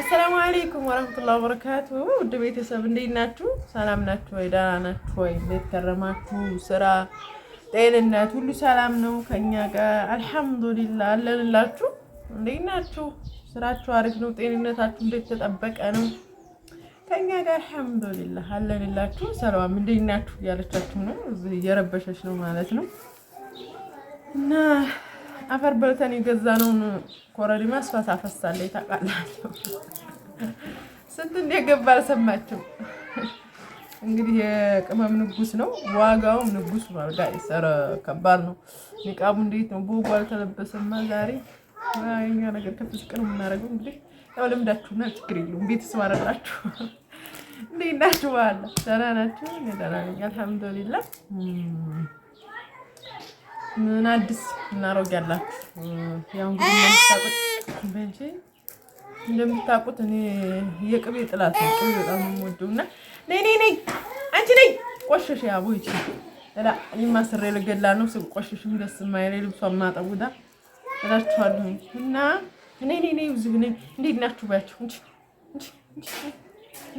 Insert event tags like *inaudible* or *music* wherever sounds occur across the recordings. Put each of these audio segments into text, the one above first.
አሰላሙ አለይኩም ወረህመቱላሂ ወበረካቱ። ውድ ቤተሰብ እንዴት ናችሁ? ሰላም ናችሁ ወይ? ደህና ናችሁ ወይ? እንዴት ከረማችሁ? ስራ፣ ጤንነት ሁሉ ሰላም ነው ከኛ ጋር አልሐምዱሊላህ አለንላችሁ። እንዴት ናችሁ? ስራችሁ አሪፍ ነው? ጤንነታችሁ እንዴት ተጠበቀ ነው? ከኛ ጋር አልሐምዱሊላህ አለንላችሁ። ሰላም እንዴት ናችሁ እያለቻችሁ ነው። እየረበሸች ነው ማለት ነው እና አፈር በልተን የገዛነውን ኮረሪማ እሷ ታፈሳለች። ታውቃላችሁ ስንት እንደገባ አልሰማችም። እንግዲህ የቅመም ንጉስ ነው፣ ዋጋውም ንጉስ ነው። ኧረ ከባድ ነው። ኒቃቡ እንዴት ነው? ቦጎ አልተለበሰማ ዛሬ። የኛ ነገር ከፍዝ ቅን የምናደርገው እንግዲህ ያው ልምዳችሁና ችግር የለውም። ቤተሰብ አደላችሁ እንዴት ናችሁ? በኋላ ደህና ናችሁ? ደህና ነኝ አልሐምዱሊላህ። ምን አዲስ እናረግ ያላችሁ ያው እንግዲህ እንደምታውቁት እኔ የቅቤ ጥላት ነው። ቅቤ በጣም የምወደው እና ነይ ነይ ነይ አንቺ ነይ ቆሸሽ ያቦ ይቺ እላ ይማስረ ልገላ ነው ስብ ቆሸሽ ደስ ማይሬ ልብሷ ማጠቡዳ እላችኋለሁ እና ነይ ነይ ነይ ብዙ ነይ እንዴት ናችሁ ባያችሁ እንጂ እንጂ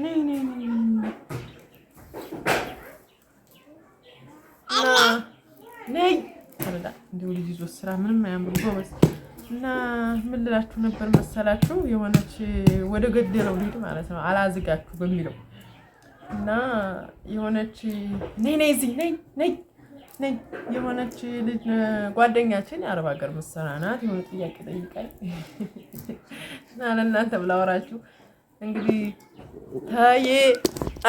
ነይ ነይ ነይ ነይ ይበላል። እንዲሁ ልጅ ይዞት ስራ ምንም አያምሩ ጎበዝ። እና ምን ልላችሁ ነበር መሰላችሁ የሆነች ወደ ገደለው ልሂድ ማለት ነው አላዝጋችሁ በሚለው እና የሆነች ነይ ነይ እዚህ ነይ ነይ ነይ የሆነች ልጅ ጓደኛችን የአረብ ሀገር ምሰራ ናት። የሆነ ጥያቄ ጠይቃኝ እና ለእናንተ ብላወራችሁ እንግዲህ ታዬ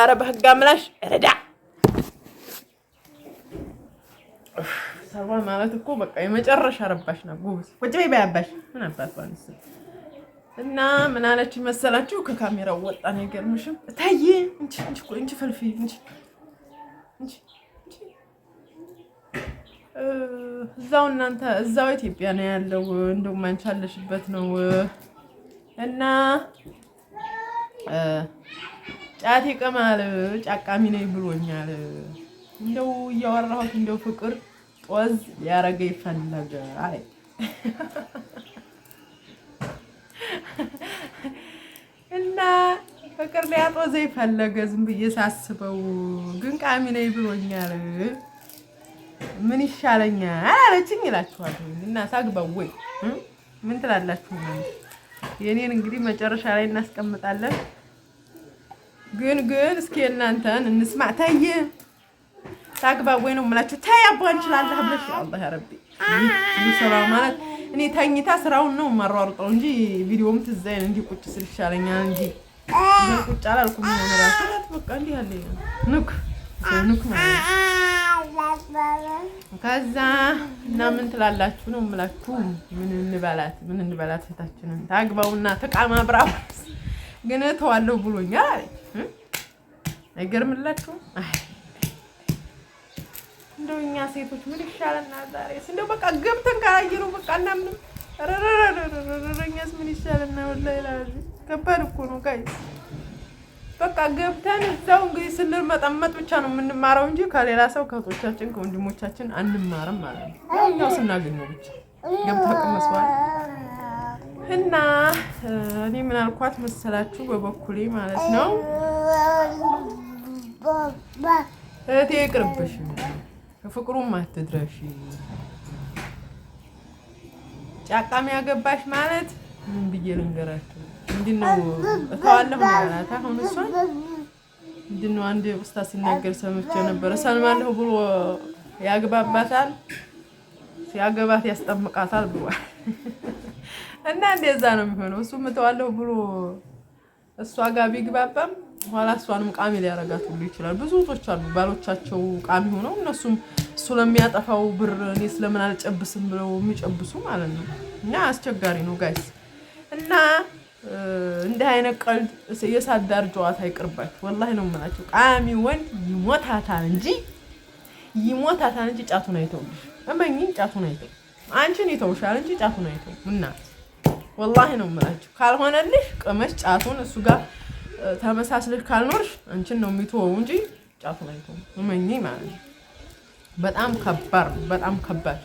አረብ ህግ አምላሽ ረዳ ሰርባ ማለት እኮ በቃ የመጨረሻ ረባሽ ነው። ጉብስ ቁጭ በይ በያባሽ ምን አባት ባንስ እና ምን አለች መሰላችሁ? ከካሜራው ወጣ ነው። አይገርምሽም? እታዬ እንቺ እንቺ እንቺ ፈልፊ እንቺ እንቺ እዛው እናንተ እዛው ኢትዮጵያ ነው ያለው። እንደውም አንቺ አለሽበት ነው እና ጫት ይቀማል ጫቃሚ ነኝ ብሎኛል። እንደው እያወራሁት እንደው ፍቅር ጦዝ ያረገ ይፈለገ አይ እና ፍቅር ሊያጦዘ ይፈለገ ዝም ብዬ ሳስበው ግን ቃሚ ነይ ብሎኛል። ምን ይሻለኛል አላለችኝ ይላችኋል። እና ሳግባው ወይ ምን ትላላችሁ? የኔን እንግዲህ መጨረሻ ላይ እናስቀምጣለን። ግን ግን እስኪ እናንተን እንስማ ተይ ታግባብ ወይ ነው የምላችሁ። ተይ አቦ እንችላለህ ብለሽ አላህ ያ ረቢ ማለት እኔ ተኝታ ስራውን ነው የማሯሩጠው እንጂ ቪዲዮም ትዝ እንዲህ ቁጭ ስል ይሻለኛል እንጂ ቁጭ አላልኩም። በቃ እንዲህ ያለ ንክ ንክ ማለት ከዛ እና ምን ትላላችሁ ነው የምላችሁ። ምን እንበላት ምን እንበላት እህታችንን ታግባውና ተቃማ ብራው ግን ተዋለው ብሎኛል አለ አይገርምላችሁም? አይ እንደው እኛ ሴቶች ምን ይሻለናል እንደው በቃ ገብተን ካላየ በቃ እናምንም። እኛስ ምን ይሻለናል? ወላሂ ከባድ እኮ ነው በቃ ገብተን እዛው እንግዲህ ብቻ ነው የምንማረው እንጂ ከሌላ ሰው ከእህቶቻችን ከወንድሞቻችን አንማርም ማለት ነው። እኛው ስናገኘው ብቻ እና እኔ ምን አልኳት መሰላችሁ? በበኩሌ ማለት ነው እህቴ ይቅርብሽ ፍቅሩም አትድረሽ። ጫቃሚ ያገባሽ ማለት ምን ብዬ ልንገራቸው? እንድነው እተዋለሁ ነው ያላት። አሁን እሷን እንድነው አንድ ውስታ ሲናገር ሰምቼ ነበረ። ሰልማለሁ ብሎ ያግባባታል፣ ሲያገባት ያስጠምቃታል ብሏል። እና እንደዛ ነው የሚሆነው። እሱም እተዋለሁ ብሎ እሷ ጋር ቢግባባም ኋላ እሷንም ቃሚ ሊያረጋት ሁሉ ይችላል። ብዙ እህቶች አሉ ባሎቻቸው ቃሚ ሆነው እነሱም እሱ ለሚያጠፋው ብር እኔ ስለምን አልጨብስም ብለው የሚጨብሱ ማለት ነው። እና አስቸጋሪ ነው ጋይስ። እና እንዲህ አይነት ቀልድ የሳዳር ጨዋታ አይቅርባችሁ። ወላሂ ነው የምላችሁ። ቃሚ ወንድ ይሞታታል እንጂ ይሞታታል እንጂ ጫቱን አይተውልሽ። እመኝኝ ጫቱን አይተው አንቺን ይተውሻል እንጂ ጫቱን አይተው። እና ወላሂ ነው የምላችሁ። ካልሆነልሽ ቅመሽ ጫቱን እሱ ጋር ተመሳስልህ ካልኖርሽ አንቺን ነው የሚተወው እንጂ ጫቱ ላይ እመኚ ማለት ነው። በጣም ከባድ ነው። በጣም ከባድ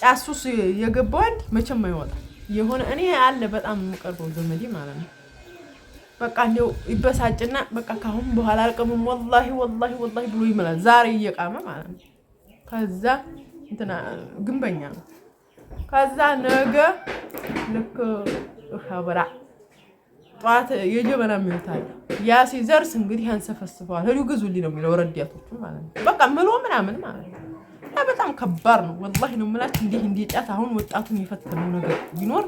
ጫት ሱስ የገባዋል መቼም አይወጣም። የሆነ እኔ አለ በጣም የምቀርበው ዘመዴ ማለት ነው። በቃ እንዲያው ይበሳጭና በቃ ካሁን በኋላ አልቀምም ወላሂ ወላሂ ወላሂ ብሎ ይምላል። ዛሬ እየቃመ ማለት ነው። ከዛ እንትና ግንበኛ ነው። ከዛ ነገ ልክ ሀበራ ጠዋት የጀበና የሚወታል ያ ሲዘርስ እንግዲህ ያንሰፈስፈዋል። ሄዱ ግዙልኝ ነው የሚለው ረዳቶቹ ማለት ነው። በቃ ምሎ ምናምን ማለት ነው። በጣም ከባድ ነው። ወላሂ ነው የምላችሁ። እንዲህ እንደ ጫት አሁን ወጣቱን የፈተነው ነገር ቢኖር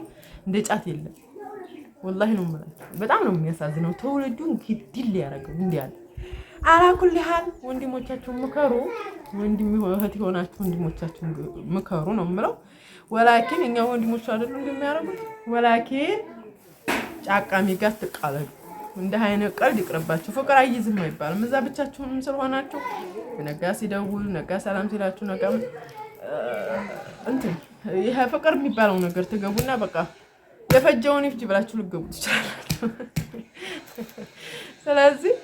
እንደ ጫት የለም። ወላሂ ነው የምላችሁ። በጣም ነው የሚያሳዝነው። ተውልዱን ግድል ያደረገው እንዲህ አለ። አላኩል ያህል ወንድሞቻችሁን ምከሩ፣ ወንድም እህት የሆናችሁ ወንድሞቻችሁን ምከሩ ነው የምለው። ወላኪን እኛ ወንድሞቹ አይደሉ እንደሚያደርጉት ወላኪን ጫቃሚ ጋር ትቃለሉ። እንደ አይነት ቀልድ ይቅርባችሁ። ፍቅር አይይዝም አይባልም። እዛ ብቻችሁንም ስለሆናችሁ ነጋ ሲደውል ነጋ ሰላም ሲላችሁ ነጋ እንትን ይሄ ፍቅር የሚባለው ነገር ትገቡና በቃ የፈጀውን ይፍጅ ብላችሁ ልገቡ ትችላላችሁ። ስለዚህ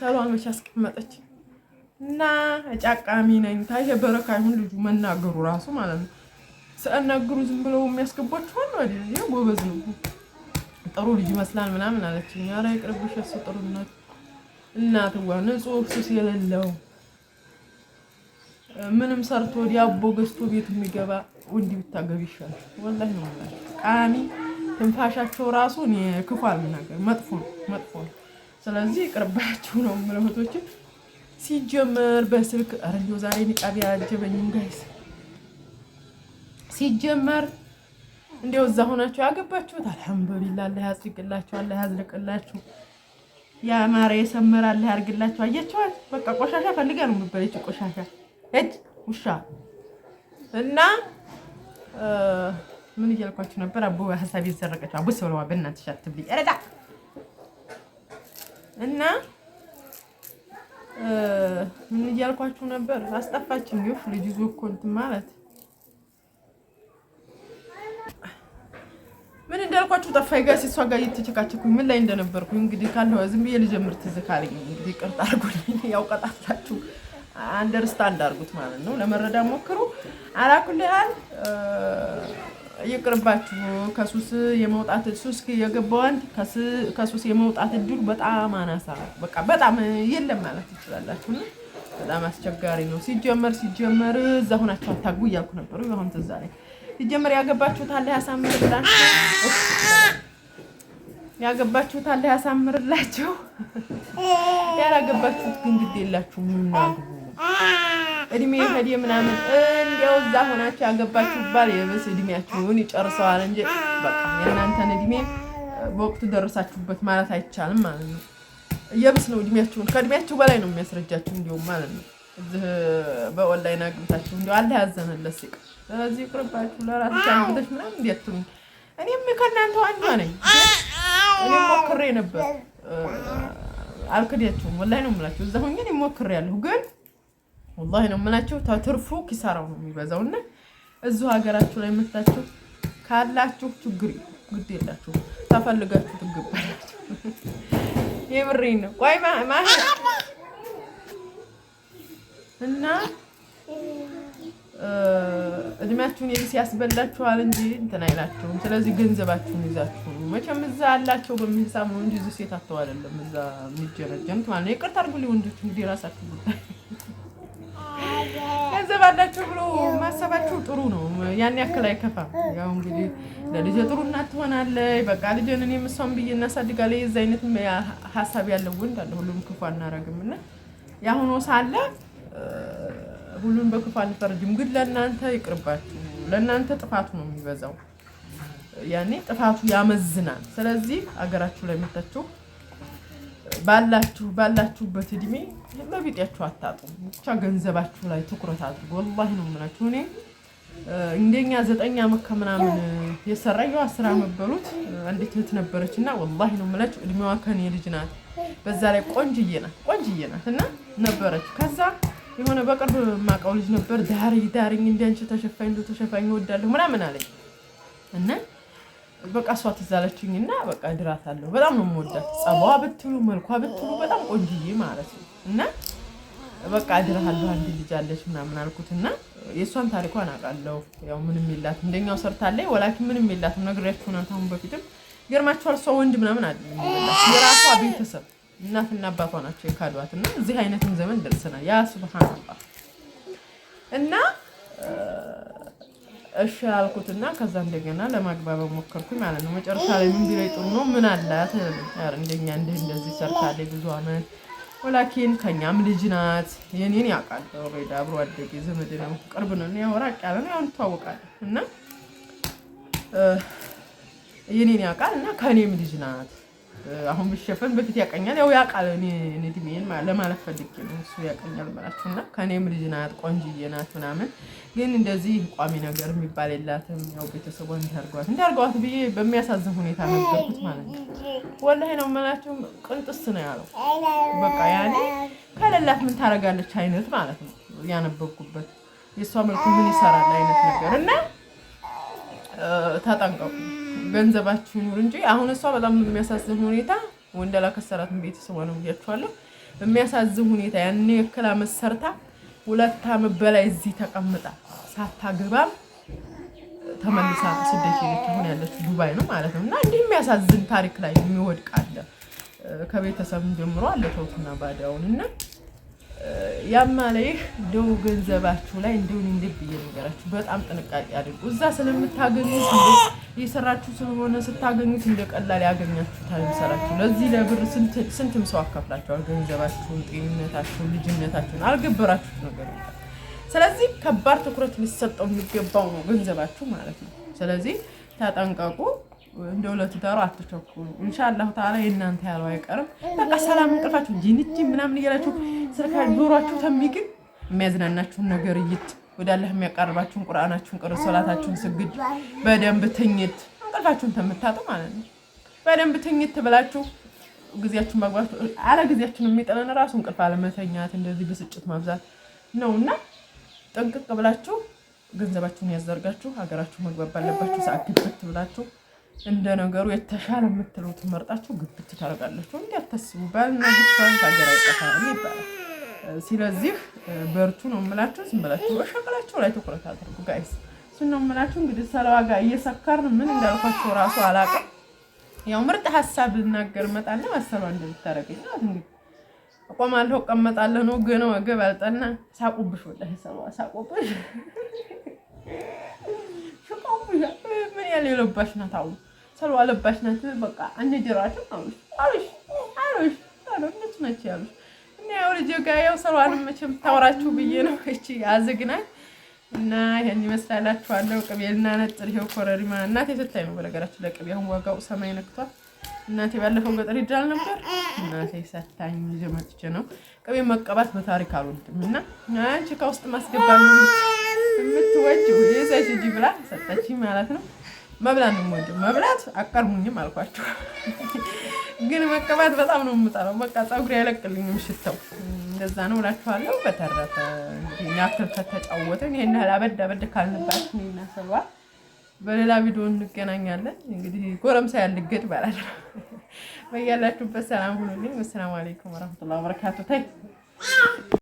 ሰሏን መቼ አስቀመጠች እና ጫቃሚ ነኝ ታይ በረካ ይሁን ልጁ መናገሩ ራሱ ማለት ነው ሳናግሩ ዝም ብለው የሚያስገቧችሁ ነው አይደል? ይሄ ጎበዝ ነው፣ ጥሩ ልጅ ይመስላል ምናምን አለችኝ። ኧረ ይቅርብሽ፣ እሱ ጥሩነት እናትዋ ንጹህ ሱስ የሌለው ምንም ሰርቶ ዳቦ ገዝቶ ቤት የሚገባ ወንድ ቢታገብ ይሻል። ወላሂ ነው ማለት ቃሚ ትንፋሻቸው ራሱ እኔ ክፉ አልናገር፣ መጥፎ ነው መጥፎ ነው። ስለዚህ ቅርባችሁ ነው የምለው ሲጀመር በስልክ ኧረ ዛሬ ንቃቢያ አጀበኝም ጋይስ ሲጀመር እንደው እዛ ሆናችሁ ያገባችሁት አልሐምዱሊላህ፣ አላህ ያጽድቅላችሁ፣ አላህ ያዝልቅላችሁ፣ ያማረ የሰመረ አላህ ያርግላችሁ። አያችኋት፣ በቃ ቆሻሻ ፈልጋ ነው የምትበለች ቆሻሻ እጅ ውሻ እና ምን እያልኳችሁ ነበር? አቦ ሀሳብ ይዘረቀችው አቦ ሰለዋ በእናትሽ አትብሊ ረዳ እና ምን እያልኳችሁ ነበር? አስጠፋችን ይሁን ልጅ ይዞ እኮ እንትን ማለት ከጠፋኝ ጋር ሲሷ ጋር እየተቸካቸኩኝ ምን ላይ እንደነበርኩኝ እንግዲህ ካልሆነ ዝም ብዬ ልጀምር ትዝ ካለኝ እንግዲህ ቅርጥ *laughs* ያው ያውቀጣላችሁ አንደርስታንድ አድርጉት ማለት ነው። ለመረዳ ሞክሩ። አላኩል አላኩልሃል ይቅርባችሁ። ከሱስ የመውጣት ሱስ የገባዋን ከሱስ የመውጣት እድሉ በጣም አናሳ በቃ በጣም የለም ማለት ትችላላችሁ። በጣም አስቸጋሪ ነው። ሲጀመር ሲጀመር እዛ ሆናችሁ አታጉ እያልኩ ነበሩ። አሁን ትዝ አለኝ። ሲጀመር ያገባችሁት አለ ያሳምርላችሁ። ያገባችሁት ያሳምርላችሁ። ያላገባችሁት ግን ግድ የላችሁ ምናግቡ እድሜ ከዲ ምናምን እንዲያው እዛ ሆናችሁ ያገባችሁ ባል የበስ እድሜያችሁን ይጨርሰዋል እንጂ በቃ የእናንተን እድሜ በወቅቱ ደረሳችሁበት ማለት አይቻልም ማለት ነው። የብስ ነው እድሜያችሁን ከእድሜያችሁ በላይ ነው የሚያስረጃችሁ እንዲሁም ማለት ነው። በኦንላይን አግብታችሁ እንዲ አለ አልተያዘንለት ሲቀር ስለዚህ ይቅርባችሁ። ለራሳችሁ አንብተሽ ምናም እንዴት ትሉኝ። እኔም ከእናንተ አንዷ ነኝ። እኔ ሞክሬ ነበር፣ አልክዳችሁም። ወላሂ ነው የምላችሁ። እዛ ሆኜ እኔ ያለሁ ግን ወላሂ ነው የምላችሁ ተትርፉ ኪሳራው ነው የሚበዛው። እና እዚሁ ሀገራችሁ ላይ መታችሁ ካላችሁ ችግር ግድ የላችሁ፣ ተፈልጋችሁ ትገባላችሁ። የምሬን ነው። ቆይ ማ እና እድሜያችሁን የቢስ ያስበላችኋል እንጂ እንትን አይላችሁም። ስለዚህ ገንዘባችሁን ይዛችሁ መቼም እዛ አላቸው በሚሳብ ነው እንጂ እዚህ ሴት አተው አይደለም እዛ የሚጀረጀምት ማለት ነው። ይቅርታ አድርጉልኝ ወንዶች፣ እንግዲህ የራሳችሁ ጉዳይ። ገንዘብ አላችሁ ብሎ ማሰባችሁ ጥሩ ነው። ያን ያክል አይከፋም። ያው እንግዲህ ለልጄ ጥሩ እናት ትሆናለች፣ በቃ ልጄን እኔም እሷን ብዬ እናሳድጋለች። የዚ አይነት ሀሳብ ያለው ወንድ አለ። ሁሉም ክፉ አናረግም እና ያሁኖ ሳለ ሁሉን በክፉ አንፈርጅም፣ ግን ለእናንተ ይቅርባችሁ። ለእናንተ ጥፋቱ ነው የሚበዛው፣ ያኔ ጥፋቱ ያመዝናል። ስለዚህ አገራችሁ ለሚታችሁ ባላችሁ ባላችሁበት እድሜ ለቢጤያችሁ አታጡ። ብቻ ገንዘባችሁ ላይ ትኩረት አድርጉ። ወላሂ ነው የምላችሁ። እኔ እንደኛ ዘጠኝ ዓመት ከምናምን የሰራየው አስር ዓመት በሉት አንዲት እህት ነበረች እና ወላሂ ነው የምላችሁ እድሜዋ ከኔ ልጅ ናት። በዛ ላይ ቆንጅዬ ናት ቆንጅዬ ናት እና ነበረች ከዛ የሆነ በቅርብ የማውቀው ልጅ ነበር። ዳሪ ዳሪኝ እንዲያንቺ ተሸፋኝ ዶ ተሸፋኝ እወዳለሁ ምናምን አለኝ እና በቃ እሷ ትዝ አለችኝ እና በቃ እድራታለሁ። በጣም ነው የምወዳት። ጸባዋ ብትሉ መልኳ ብትሉ በጣም ቆንጅዬ ማለት ነው እና በቃ እድራታለሁ አንድ ልጅ አለች ምናምን አልኩት እና የእሷን ታሪኳን አውቃለሁ። ያው ምንም የላት እንደኛው ሰርታለች። ወላኪን ምንም የላትም። ነግሬያችሁ ነው አሁን በፊትም። ይገርማችኋል እሷ ወንድ ምናምን አለ የራሷ ቤተሰብ እናትና አባቷ ናቸው የካዷት እና እዚህ አይነትም ዘመን ደርሰናል። ያ ሱብሃን አላህ እና እሺ አልኩት እና ከዛ እንደገና ለማግባብ ሞከርኩ ማለት ነው። መጨረሻ ላይ ምን ቢለኝ ጥሩ ነው ምን አላት ያር እንደኛ እንደ እንደዚህ ሰርታለች ብዙ አመት ወላኪን ከኛም ልጅ ናት። የኔን ያውቃል ኦልሬዲ አብሮ አደጌ ዘመድ ነው ቅርብ ነው ያው ራቅ ያለ ነው ያው እንተዋወቃለን እና የኔን ያውቃል እና ከኔም ልጅ ናት አሁን ብሸፈን በፊት ያቀኛል። ያው ያውቃል እድሜን ለማለፍ ፈልጌ ነው። እሱ ያቀኛል ብላችሁና ከእኔም ልጅ ናት፣ ቆንጅዬ ናት ምናምን፣ ግን እንደዚህ ቋሚ ነገር የሚባል የላትም። ያው ቤተሰቧን እንዳርገዋት እንዳርገዋት ብዬ በሚያሳዝን ሁኔታ ነገርኩት ማለት ነው። ወላሂ ነው የምላችሁ። ቅንጥስ ነው ያለው። በቃ ያኔ ከሌላት ምን ታደርጋለች አይነት ማለት ነው። ያነበብኩበት የእሷ መልኩ ምን ይሰራል አይነት ነገር እና ተጠንቀቁ ገንዘባችሁ ይኑር እንጂ አሁን እሷ በጣም የሚያሳዝን ሁኔታ ወንደላ ከሰራትን ቤተሰቧ ነው ብያችኋለሁ። በሚያሳዝን ሁኔታ ያን የክል አመት ሰርታ ሁለት አመት በላይ እዚህ ተቀምጣ ሳታገባም ተመልሳ ስደት ሄደች። አሁን ያለችው ዱባይ ነው ማለት ነው። እና እንዲህ የሚያሳዝን ታሪክ ላይ የሚወድቅ አለ። ከቤተሰብ ጀምሮ አለ ተውትና ባዳውን እና ያማለይህ ደው ገንዘባችሁ ላይ እንደውን ልብ እየነገራችሁ በጣም ጥንቃቄ አድርጉ። እዛ ስለምታገኙት እየሰራችሁ ስለሆነ ስታገኙት እንደቀላል ያገኛችሁታል። ሰራችሁ ለዚህ ለብር ስንትም ሰው አካፍላችኋል። ገንዘባችሁን፣ ጤንነታችሁን፣ ልጅነታችሁን አልገበራችሁት ነገር። ስለዚህ ከባድ ትኩረት ሊሰጠው የሚገባው ነው ገንዘባችሁ ማለት ነው። ስለዚህ ተጠንቀቁ። እንደ ሁለቱ ተሩ አትቸኩሉ። እንሻላሁ ታላ የእናንተ ያለው አይቀርም። በቃ ሰላም እንቅልፋችሁ እንጂ ንቺ ምናምን እያላችሁ ስልካ ዞሯችሁ ተሚግን የሚያዝናናችሁን ነገር እይት ወደ አላህ የሚያቀርባችሁን ቁርአናችሁን ቅር ሶላታችሁን ስግድ በደንብ ትኝት እንቅልፋችሁን ተምታጡ ማለት ነው። በደንብ ትኝት ብላችሁ ጊዜያችሁን ማግባት አለ ጊዜያችሁን የሚጠለን ራሱ እንቅልፍ አለመተኛት እንደዚህ ብስጭት ነው ነውና ጥንቅቅ ብላችሁ ገንዘባችሁን ያዘርጋችሁ ሀገራችሁ መግባት ባለባችሁ ሰዓት ግብት ብላችሁ እንደ ነገሩ የተሻለ የምትለው ትመርጣቸው ግብት ታደርጋላቸው። እንዲያታስቡ ባልና ሚስት ሀገር አይጠፋም ይባላል። ስለዚህ በርቱ ነው የምላቸው። ዝም ብላችሁ በሸቀላቸው ላይ ትኩረት አድርጉ ጋይስ። እሱ ነው የምላቸው። እንግዲህ ሰለዋጋ እየሰካርን ምን እንዳልኳቸው ራሱ አላውቅም። ያው ምርጥ ሀሳብ ልናገር እመጣለሁ። ሀሳብ እንደምታደርገኝ ናት እንግዲህ እቆማለሁ፣ እቀመጣለሁ ነው ገነ ወገብ አልጠና ሳቁብሽ፣ ወላሂ ሰለዋ ሳቁብሽ፣ ሽቆብሽ ምን ያለ የለባሽ ናት አሁን ሰልዋ ለባሽ ናት። በቃ አንጀራትም አሉሽ አሉሽ አሉሽ አሉሽ ነች ያሉሽ እና ያው ልጅ ጋር ያው ሰልዋንም መቼም ታወራችሁ ብዬ ነው። እቺ ያዝግናል እና ይሄን ይመስላላችኋለሁ። ቅቤ ነጥር ይሄው ኮረሪማ እናቴ ስታይ ነው። በነገራችን ለቅቤ አሁን ዋጋው ሰማይ ነክቷል። እናቴ ባለፈው ገጠር ይዳል ነበር። እናቴ ሰታኝ ይዤ መጥቼ ነው ቅቤ መቀባት በታሪክ አልወድም እና አንቺ ከውስጥ ማስገባት ነው የምትወጪው ይዘሽ ሂጂ ብላ ሰጠችኝ ማለት ነው። መብላት ነው የምወደው። መብላት አቀርሙኝም አልኳቸው። ግን መቀባት በጣም ነው የምጠላው። በቃ ፀጉር አይለቅልኝም ሽተው እንደዛ ነው እላችኋለሁ። በተረፈ እንግዲህ ናክልከት ተጫወትን። ይሄን ያህል አበድ አበድ ካልንባችሁ እናሰባ በሌላ ቪዲዮ እንገናኛለን። እንግዲህ ጎረምሳ ያልገጥ ባላል በያላችሁበት ሰላም ሁኑልኝ። ወሰላሙ አሌይኩም ወረህመቱላሂ ወበረካቱ ታይ